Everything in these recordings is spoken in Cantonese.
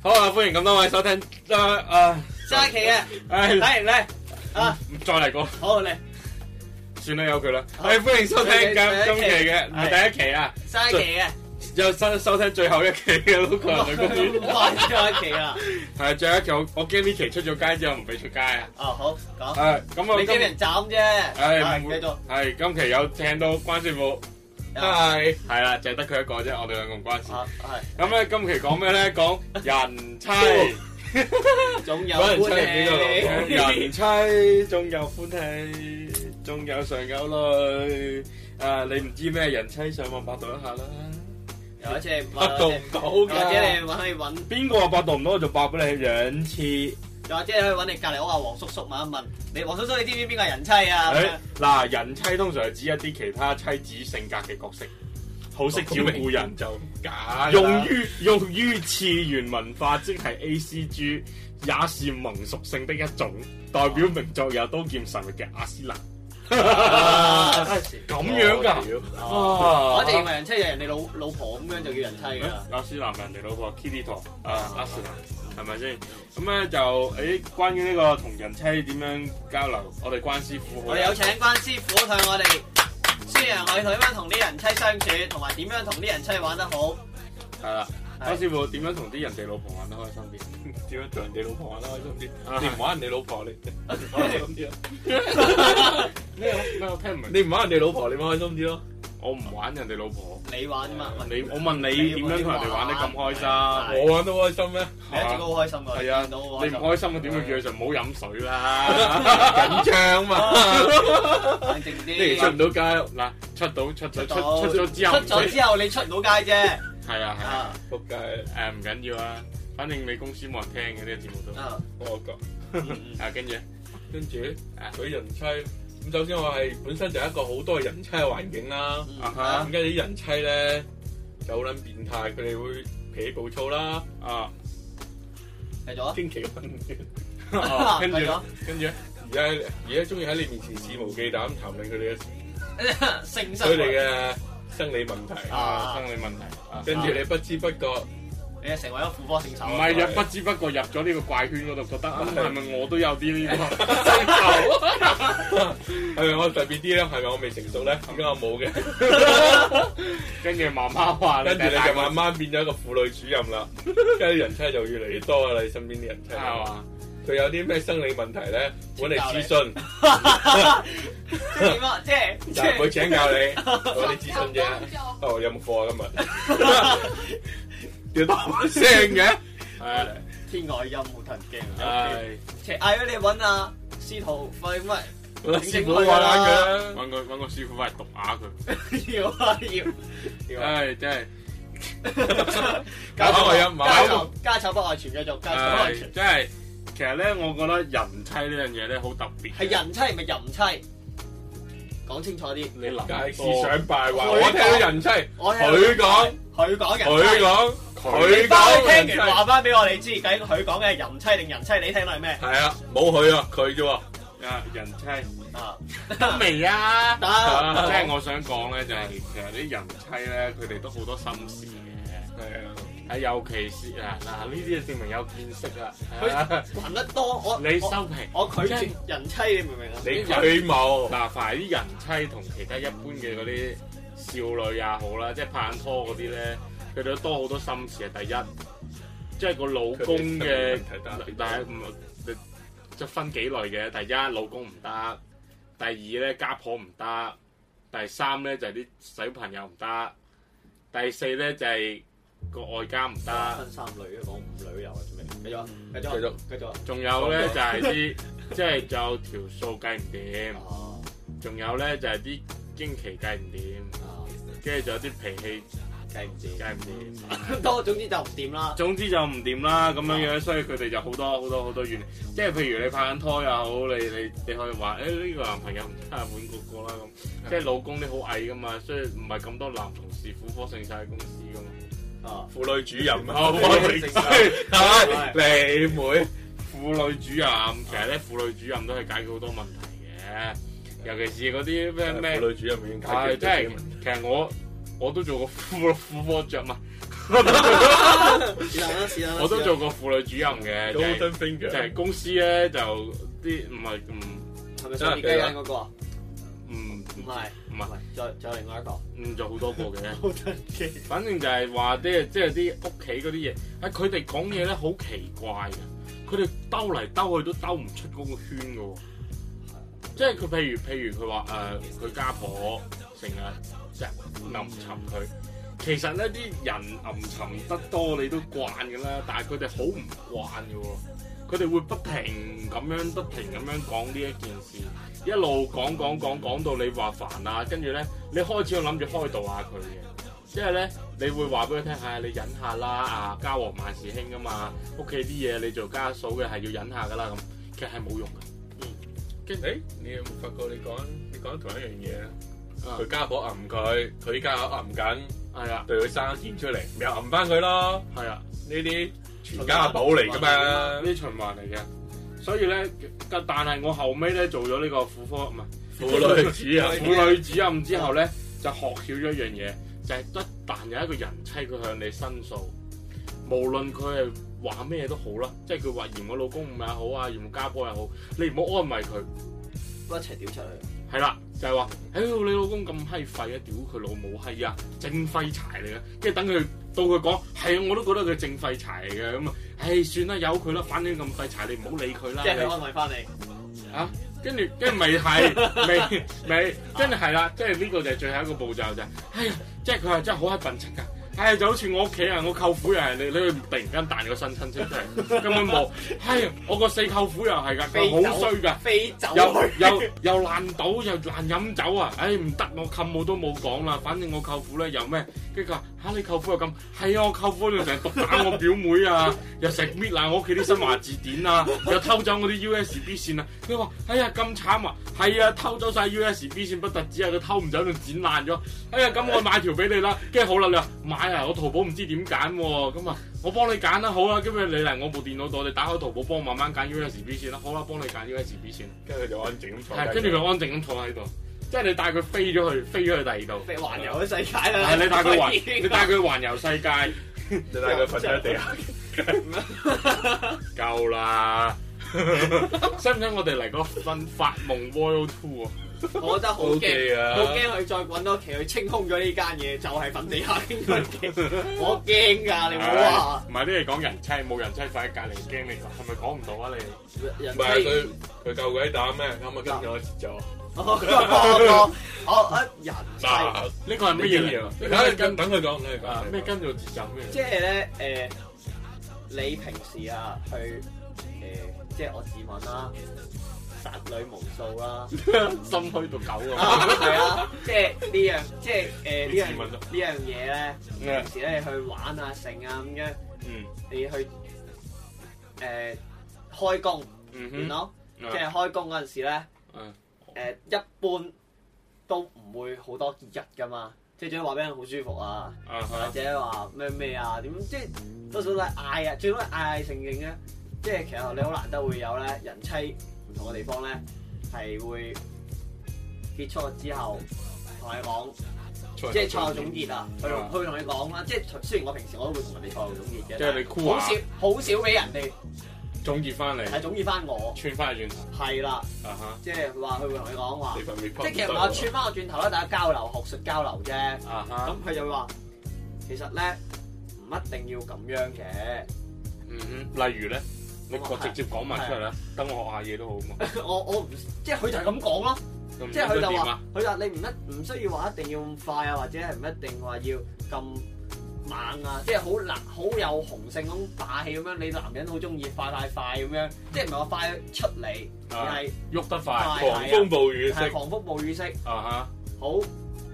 好啊！歡迎咁多位收聽，啊啊，一期嘅，嚟嚟，啊唔再嚟過，好嚟，算啦有佢啦，係歡迎收聽今期嘅唔係第一期啊，一期嘅又收收聽最後一期嘅《local 人類公園》，再一期啊，係最後一期，我我驚呢期出咗街之後唔俾出街啊，哦好，講，誒咁我俾人斬啫，係繼續，係今期有請到關師傅。係，係啦，就係得佢一個啫，我哋兩個唔關事。咁咧，今期講咩咧？講人妻，仲有人妻。人妻仲有歡喜，仲有常有淚。誒，你唔知咩人妻，上網百度一下啦。又一次百度唔到嘅，或者你可以搵。邊個話百度唔到，我就發俾你兩次。或者你去揾你隔籬屋阿王叔叔問一問，你王叔叔你知唔知邊個人妻啊？嗱、哎，人妻通常係指一啲其他妻子性格嘅角色，好識照顧人就。然用於用於次元文化，即係 A C G， 也是萌屬性的一種，代表名作有刀劍神域嘅阿斯蘭。咁樣噶，我哋認為人妻就係人哋老老婆咁樣就叫人妻噶啦。阿斯蘭係人哋老婆，Kitty 兔，阿斯蘭係咪先？咁咧就，誒，關於呢個同人妻點樣交流，我哋關師傅，我哋有請關師傅向我哋宣揚佢點樣同啲人妻相處，同埋點樣同啲人妻玩得好。係啦。阿師傅點樣同啲人哋老婆玩得開心啲？點樣同人哋老婆玩得開心啲？你唔玩人哋老婆，你開心啲啊？咩？咩？我聽唔明。你唔玩人哋老婆，你唔開心啲咯？我唔玩人哋老婆。你玩啫嘛？你我問你點樣同人哋玩得咁開心？我玩得開心咩？你一直都好開心噶。係啊，你唔開心嘅點樣叫就唔好飲水啦！緊張嘛？冷靜啲。你出唔到街嗱？出到出咗出出咗之後，出咗之後你出唔到街啫。係啊，係啊，仆街誒，唔緊要啊，反正你公司冇人聽嘅呢個節目都。啊，我講。啊，跟住咧？跟住啊，嗰啲人妻咁，首先我係本身就係一個好多人妻嘅環境啦。啊哈！依家啲人妻咧就好撚變態，佢哋會脾氣暴躁啦。啊，繼續啊！驚奇嘅分別。啊，繼續。跟住咧，而家而家中意喺你面前肆無忌憚噉談論佢哋嘅性生活。佢哋嘅。生理問題啊，生理問題啊，跟住你不知不覺，你成為咗婦科聖手。唔係入不知不覺入咗呢個怪圈嗰度，覺得咁係咪我都有啲呢個性醜？係咪我特別啲咧？係咪我未成熟咧？而家我冇嘅。跟住慢慢話，跟住你就慢慢變咗一個婦女主任啦。跟住人妻就越嚟越多啦，你身邊啲人妻係嘛？佢有啲咩生理問題咧？揾嚟諮詢，即係點啊？即係就會請教你，攞啲諮詢啫。哦，有冇課今日？點咁聲嘅？唉，天外音好得驚。唉，其實嗌佢哋揾阿師徒，揾乜師傅玩下佢啦，揾個揾個師傅翻嚟毒下佢。要啊要！唉，真係家醜不外傳，繼續家醜不外傳。真係。其實咧，我覺得人妻呢樣嘢咧好特別。係人妻咪淫妻，講清楚啲。你諗，思想敗壞。我說聽人妻，我佢講，佢講，佢講，佢講。你聽完話翻俾我哋知，咁佢講嘅係人妻定人，人，人妻？你聽到係咩？係啊，冇佢啊，佢啫喎。啊，人妻啊，得未啊？得。即係我想講咧，就係其實啲人妻咧，佢哋都好多心事嘅。係啊。係，尤其是啊嗱，呢啲就證明有見識啦。佢行得多，我你收皮，我拒絕人妻，你明唔明啊？你佢冇嗱，凡係啲人妻同其他一般嘅嗰啲少女也好啦，即係拍緊拖嗰啲咧，佢哋都多好多心事啊！第一，即係個老公嘅，但係唔即分幾類嘅。第一，老公唔得；第二咧，家婆唔得；第三咧，就係啲小朋友唔得；第四咧，就係。個外加唔得，分三類咧，講五類都有做咩？繼續，繼續，繼續，繼續。仲有咧就係啲，即係有條數計唔掂，仲有咧就係啲驚奇計唔掂，跟住仲有啲脾氣計唔掂，計唔掂。多總之就唔掂啦，總之就唔掂啦，咁樣樣，所以佢哋就好多好多好多怨。即係譬如你拍緊拖又好，你你你可以話誒呢個男朋友唔得滿嗰個啦咁。即係老公你好矮噶嘛，所以唔係咁多男同事苦科盛晒公司噶婦女主任啊，你妹！婦女主任，其實咧婦女主任都係解決好多問題嘅，尤其是嗰啲咩咩。婦女主任已經解決，係，其實我我都做過婦婦科着嘛。我都做過婦女主任嘅，就係公司咧就啲唔係唔係。唔係。唔係，再再嚟另外一個。嗯，仲好多個嘅。好奇 怕。反正就係、就是、話，即係即係啲屋企嗰啲嘢。喺佢哋講嘢咧，好奇怪嘅。佢哋兜嚟兜去都兜唔出嗰個圈嘅喎。的即係佢譬如譬如佢話誒，佢、呃、家婆成日即係暗沉佢。其實咧啲人暗沉得多，你都慣嘅啦。但係佢哋好唔慣嘅喎。佢哋會不停咁樣，不停咁樣講呢一件事。一路講講講講到你話煩啊，跟住咧你開始要諗住開導下佢嘅，即係咧你會話俾佢聽下，你忍下啦，啊家和萬事興噶嘛，屋企啲嘢你做家嫂嘅係要忍下噶啦，咁，其實係冇用嘅。嗯，跟住誒，你有冇發覺你講你講咗同一樣嘢啊？佢家婆揞佢，佢依家又揞緊，係啊，對佢生厭出嚟，咪又揞翻佢咯，係啊，呢啲全家寶嚟噶嘛，呢啲循環嚟嘅。所以咧，但係我後尾咧做咗呢個婦科唔係婦女主任之後咧，就學曉咗一樣嘢，就係一旦有一個人妻佢向你申訴，無論佢係話咩都好啦，即係佢話嫌我老公唔係好啊，嫌我家婆又好，你唔好安慰佢，我一齊屌出去。」係啦，就係話，哎你老公咁閪廢啊，屌佢老母閪啊，正廢柴嚟嘅，跟住等佢到佢講，係啊，我都覺得佢正廢柴嚟嘅，咁啊，唉，算啦，由佢啦，反正咁廢柴，你唔好理佢啦。即係你安慰翻你，啊，跟住跟住咪係，咪咪，跟住係啦，即係呢個就係最後一個步驟就係，哎呀即係佢係真係好閪笨柒㗎。係、哎、就好似我屋企人，我舅父又係，人你你突然間彈你個新親戚出嚟， 根本冇。係、哎、我個四舅父走又係㗎，好衰㗎，又 又又爛賭又難飲酒啊！唉、哎，唔得，我冚我都冇講啦。反正我舅父咧又咩？吓、啊、你舅父又咁係啊！我舅父又成日毒打我表妹啊，又成搣爛我屋企啲新華字典啊，又偷走我啲 U S B 線啊！佢話：哎呀咁慘啊！係啊，偷走晒 U S B 線不特止啊，佢偷唔走就剪爛咗。哎呀，咁我買條俾你啦。跟住，好啦，你話買啊？我淘寶唔知點揀咁啊，我幫你揀啦、啊，好啦。咁咪你嚟我部電腦度，你打開淘寶幫我慢慢揀 U S B 線啦。好啦，幫你揀 U S B 線。跟住佢就安靜咁坐，跟住佢安靜咁坐喺度。即係你帶佢飛咗去，飛咗去第二度，環遊世界啦！係你帶佢環，你帶佢環遊世界，你帶佢瞓咗地下，夠啦！使唔使我哋嚟個瞓發夢 World Two 啊？我覺得好驚啊！好驚佢再搵多騎佢清空咗呢間嘢，就係瞓地下嘅。我驚噶，你唔好話。唔係啲係講人妻，冇人妻瞓喺隔籬驚你？係咪講唔到啊？你唔係佢佢夠鬼膽咩？可唔可以跟住我節奏？我我我我我一人。嗱，呢個係咩嘢啊？等佢講，等佢講，咩跟住節奏咩？即係咧，誒，你平時啊，去誒，即係我自問啦，殺女無數啦，心虛到狗咁。係啊，即係呢樣，即係誒呢樣呢樣嘢咧。平時咧去玩啊、勝啊咁樣，嗯，你去誒開工，嗯哼，即係開工嗰陣時咧，嗯。誒、呃、一般都唔會好多結日噶嘛，即係最多話俾人好舒服啊，uh huh. 或者話咩咩啊，點樣即係多數都係嗌啊，最好係嗌嗌承認啊，即係其實你好難得會有咧，人妻唔同嘅地方咧係會結束之後同你講，即係錯誤總結啊，去同同你講啦，即係雖然我平時我都會同人哋錯誤總結嘅，即係你好少好少俾人哋。總結翻嚟，係總結翻我，串翻個轉頭，係啦了，即係話佢會同你講話，即係其實串我串翻個轉頭咧，大家交流學術交流啫，咁佢就會話其實咧唔一定要咁樣嘅，嗯哼，例如咧，你可直接講埋出嚟啦，等我學下嘢都好，我我唔即係佢就係咁講咯，即係佢就話，佢話你唔一唔需要話一定要咁快啊，或者係唔一定話要咁。猛啊！即係好辣，好有雄性咁霸氣咁樣。你男人好中意快太快咁樣，即係唔係話快出嚟，而係喐得快，狂風暴雨式，狂風暴雨式，啊嚇！好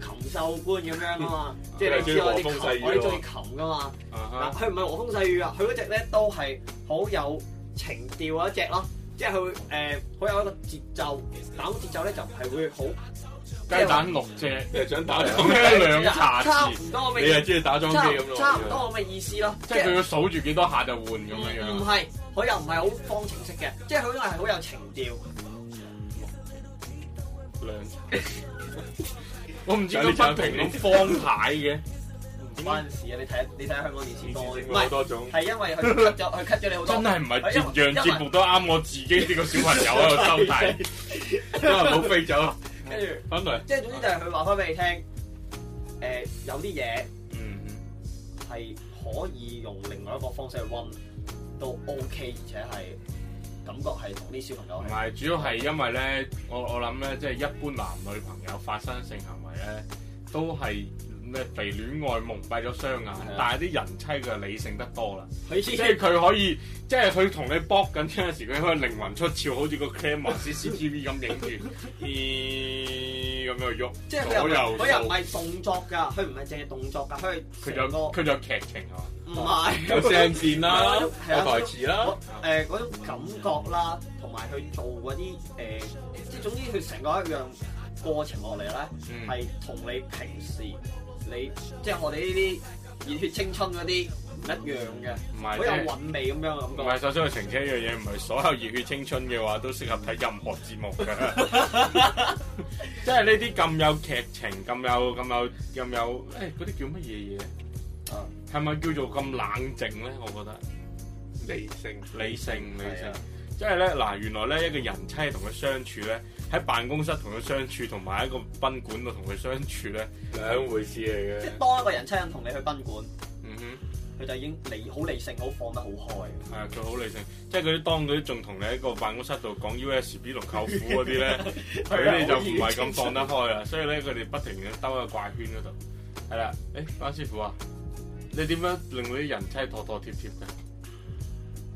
禽獸般咁樣啊嘛，即係你知我哋我中意禽噶嘛，嗱佢唔係和風細雨啊，佢嗰隻咧都係好有情調一隻咯，即係佢誒好有一個節奏，但係嗰節奏咧就唔係會好。雞蛋六啫，你係想打裝機兩茶匙？你係知你打裝機咁咯？差唔多咁嘅意思咯。即係佢要數住幾多下就換咁樣樣。唔係，佢又唔係好方程式嘅，即係佢都係好有情調。兩茶，我唔知你張屏咁方蟹嘅，唔關事啊！你睇，你睇下香港電視多唔多種？係因為佢 cut 咗，佢 cut 咗你好多。真係唔係絕良節目都啱我自己呢個小朋友喺度收睇，都係好飛走。跟住，即係總之就係佢話翻俾你聽，誒、嗯哼呃、有啲嘢，嗯，係可以用另外一個方式去温，都 OK，而且係感覺係同啲小朋友一樣。唔係，主要係因為咧，我我諗咧，即係一般男女朋友發生性行為咧，都係。肥戀愛蒙蔽咗雙眼，但係啲人妻佢理性得多啦，即係佢可以，即係佢同你搏緊嗰陣時，佢可以靈魂出竅，好似個 camera、CCTV 咁影住，咦咁樣喐。即係佢又佢又唔係動作㗎，佢唔係淨係動作㗎，佢佢仲有佢仲有劇情啊。唔係有聲片啦，有台詞啦，誒嗰種感覺啦，同埋去做嗰啲誒，即係總之佢成個一樣過程落嚟咧，係同你平時。你即係我哋呢啲熱血青春嗰啲唔一樣嘅，唔係，好有韻味咁樣嘅感覺。唔係，首先去澄清一樣嘢，唔係所有熱血青春嘅話都適合睇任何節目嘅。即係呢啲咁有劇情、咁有、咁有、咁有，誒，嗰啲叫乜嘢嘢？啊，係咪叫做咁冷靜咧？我覺得理性、理性、理性。即係咧，嗱，原來咧，一個人妻同佢相處咧。喺辦公室同佢相處，同埋喺個賓館度同佢相處咧，兩 回事嚟嘅。即係當一個人妻同你去賓館，嗯哼，佢就已經理好理性，好放得好開。係啊，佢好理性，即係佢當佢仲同你喺個辦公室度講 U S B 同舅父嗰啲咧，佢哋就唔係咁放得開啦。 易 所以咧，佢哋不停咁兜個怪圈嗰度。係啦，誒、哎，班師傅啊，嗯、你點樣令到啲人妻妥妥貼貼嘅？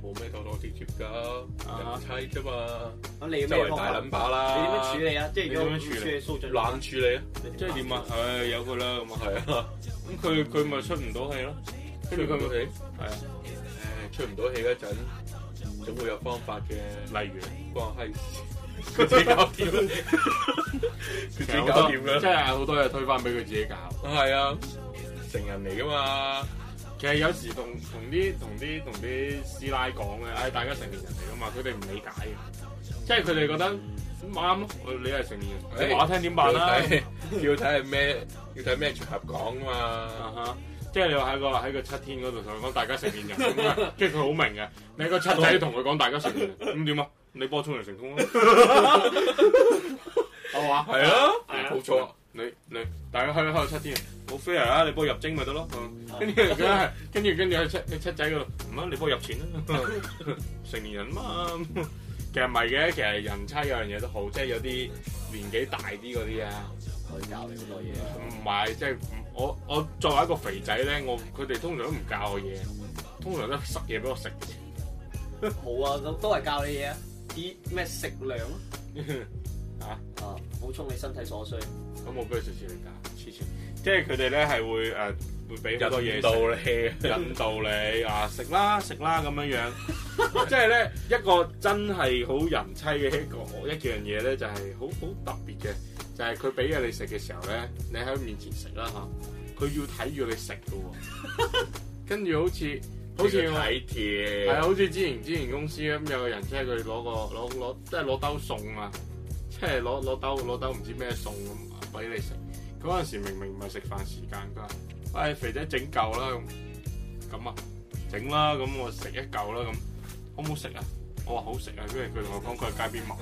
冇咩多多接接噶，人妻啫嘛。周圍大撚把啦。你點樣處理啊？即係如果唔處理，蘇俊冷處理啊？即係點啊？唉，有佢啦，咁啊係啊。咁佢佢咪出唔到氣咯？跟住佢冇氣，係啊，誒，出唔到氣嗰陣，總會有方法嘅。例如幫我閪，佢自己搞掂，佢自己搞掂啦。即係好多嘢推返俾佢自己搞。係啊，成人嚟噶嘛。其實有時同同啲同啲同啲師奶講嘅，唉，大家成年人嚟噶嘛，佢哋唔理解嘅，即係佢哋覺得啱，你係成年人，即係話聽點辦啦？要睇係咩？要睇係咩場合講啊嘛？即係你話喺個喺個七天嗰度同佢講大家成年人咁樣，跟住佢好明嘅，你喺個七仔同佢講大家成年人，咁點啊？你波通沖成功咯，好嘛？係啊，冇錯。你你大家開開七天，我飛啊！你幫我入精咪得咯，跟住，跟住，跟住喺七七仔嗰度，唔、啊、好你幫我入錢啦、啊。 成年人嘛，其實唔係嘅，其實人妻有樣嘢都好，即係有啲年紀大啲嗰啲啊，可以教你好多嘢、啊。唔、就、係、是，即係我我作為一個肥仔咧，我佢哋通常都唔教我嘢，通常都塞嘢俾我食。 好啊，咁都係教你嘢啊。啲咩食糧啊？ 啊！啊，補充你身體所需咁，我不如你接黐講，即係佢哋咧係會誒會俾好多嘢引導你，引導你啊食啦食啦咁樣樣，即係咧一個真係好人妻嘅一個一樣嘢咧，就係好好特別嘅，就係佢俾嘢你食嘅時候咧，你喺佢面前食啦，嚇佢要睇住你食噶喎，跟住好似好似睇甜係啊，好似之前之前公司咁有個人妻，佢攞個攞攞即係攞兜餸啊。即係攞攞兜攞兜唔知咩餸咁俾你食，嗰陣時明明唔係食飯時間，佢話，唉肥仔整嚿啦，咁啊整啦，咁我食一嚿啦咁，好唔好食啊？我話好食啊，跟住佢同我講佢喺街邊買，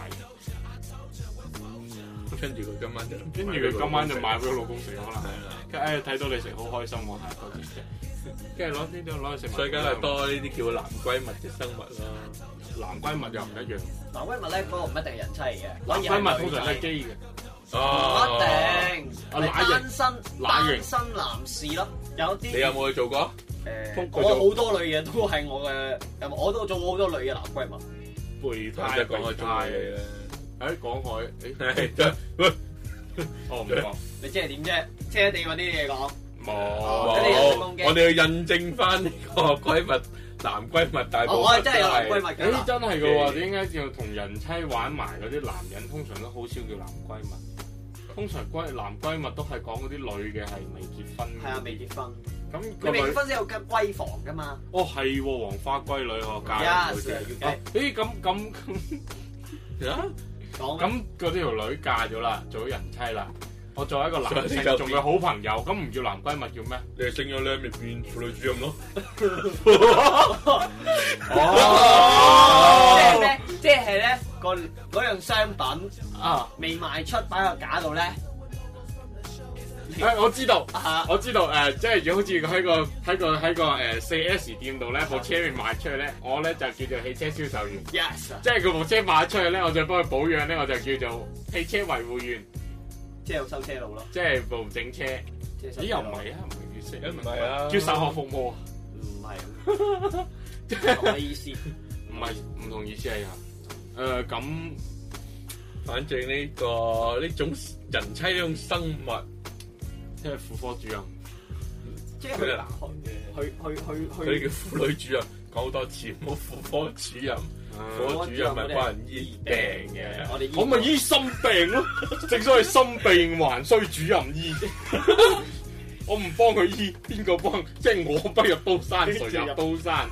跟住佢今晚，跟住佢今晚就買俾老公食，可能，誒睇到你食好開心喎，多謝，跟住攞呢啲攞去食，所以梗係多呢啲叫男閨蜜嘅生物啦。男閨蜜又唔一樣。男閨蜜咧，嗰個唔一定係人妻嚟嘅。閨蜜通常都係基嘅。唔一定。單身單身男士啦，有啲。你有冇去做過？誒，我好多女嘅都係我嘅，我都做過好多女嘅男閨蜜。太太講開做嘢啦。喺廣海，誒，喂，我唔講。你即係點啫？車地嗰啲嘢講。冇。我哋要印證翻呢個閨蜜。男閨蜜大部，真係有男閨蜜嘅。誒真係嘅喎，點解要同人妻玩埋嗰啲男人？通常都好少叫男閨蜜，通常閨男閨蜜都係講嗰啲女嘅係未結婚，係啊未結婚，咁佢未結婚先有間閨房嘅嘛？哦，係黃花閨女我嫁女嘅，誒咁咁，啊講咁嗰啲條女嫁咗啦，做咗人妻啦。我作為一個男性，仲有好朋友，咁唔叫男閨蜜，叫咩？你升咗女咪變女主人咯。即係咧，即係咧，個嗰樣商品啊，未賣出擺喺個架度咧，哎。我知道，啊、我知道，呃、即係如果好似喺個喺個喺個誒四、呃、S 店度咧，部車未賣出去咧，我咧就叫做汽車銷售員。Yes，sir. 即係佢部車賣出去咧，我再幫佢保養咧，我就叫做汽車維護員。即係收車路咯，即係部整車。咦？又唔係啊？唔叫修啊？唔係啊？唔係啊，叫售後服務啊？即係，咁嘅意思。唔係唔同意思係啊？誒咁，反正呢、呢個呢種人妻呢種生物，即係婦科主任，即係佢哋男漢嘅。佢佢佢佢，佢叫婦女主任講， 多次，唔好婦科主任。我主任咪幫人醫病嘅，我咪醫心病咯。正所謂心病還需主任醫，我唔幫佢醫，邊個幫？即係我不入刀山，誰入刀山？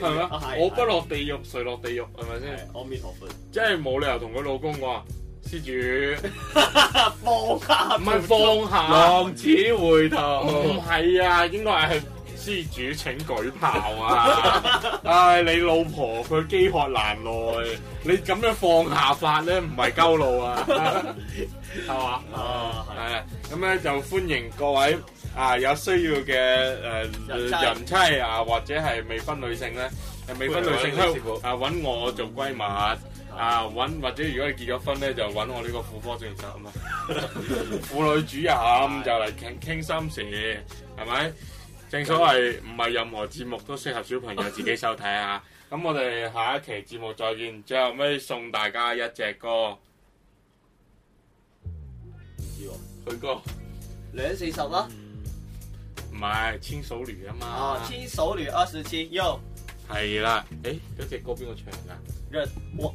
係咪？我不落地獄，誰落地獄？係咪先？我滅即係冇理由同佢老公話，施主放下，唔係放下浪子回頭。唔係啊，應該係。施主，請舉炮啊！唉、 哎，你老婆佢飢渴難耐，你咁樣放下法咧，唔係鳩路啊，係嘛？哦，係咁咧就歡迎各位啊，有需要嘅誒、啊、人妻、人妻啊，或者係未婚女性咧，未婚女性都 啊搵我做閨蜜 啊，搵或者如果你結咗婚咧，就搵我呢個婦科專家啊嘛，婦 女主任 就嚟傾傾心事，係咪？正所謂唔係任何節目都適合小朋友自己收睇啊！咁我哋下一期節目再見，最後尾送大家一隻歌。唔知喎，佢歌兩四十咯，唔係千手女啊嘛。哦，千手女二十七，又係啦。誒，嗰隻歌邊個唱噶？我。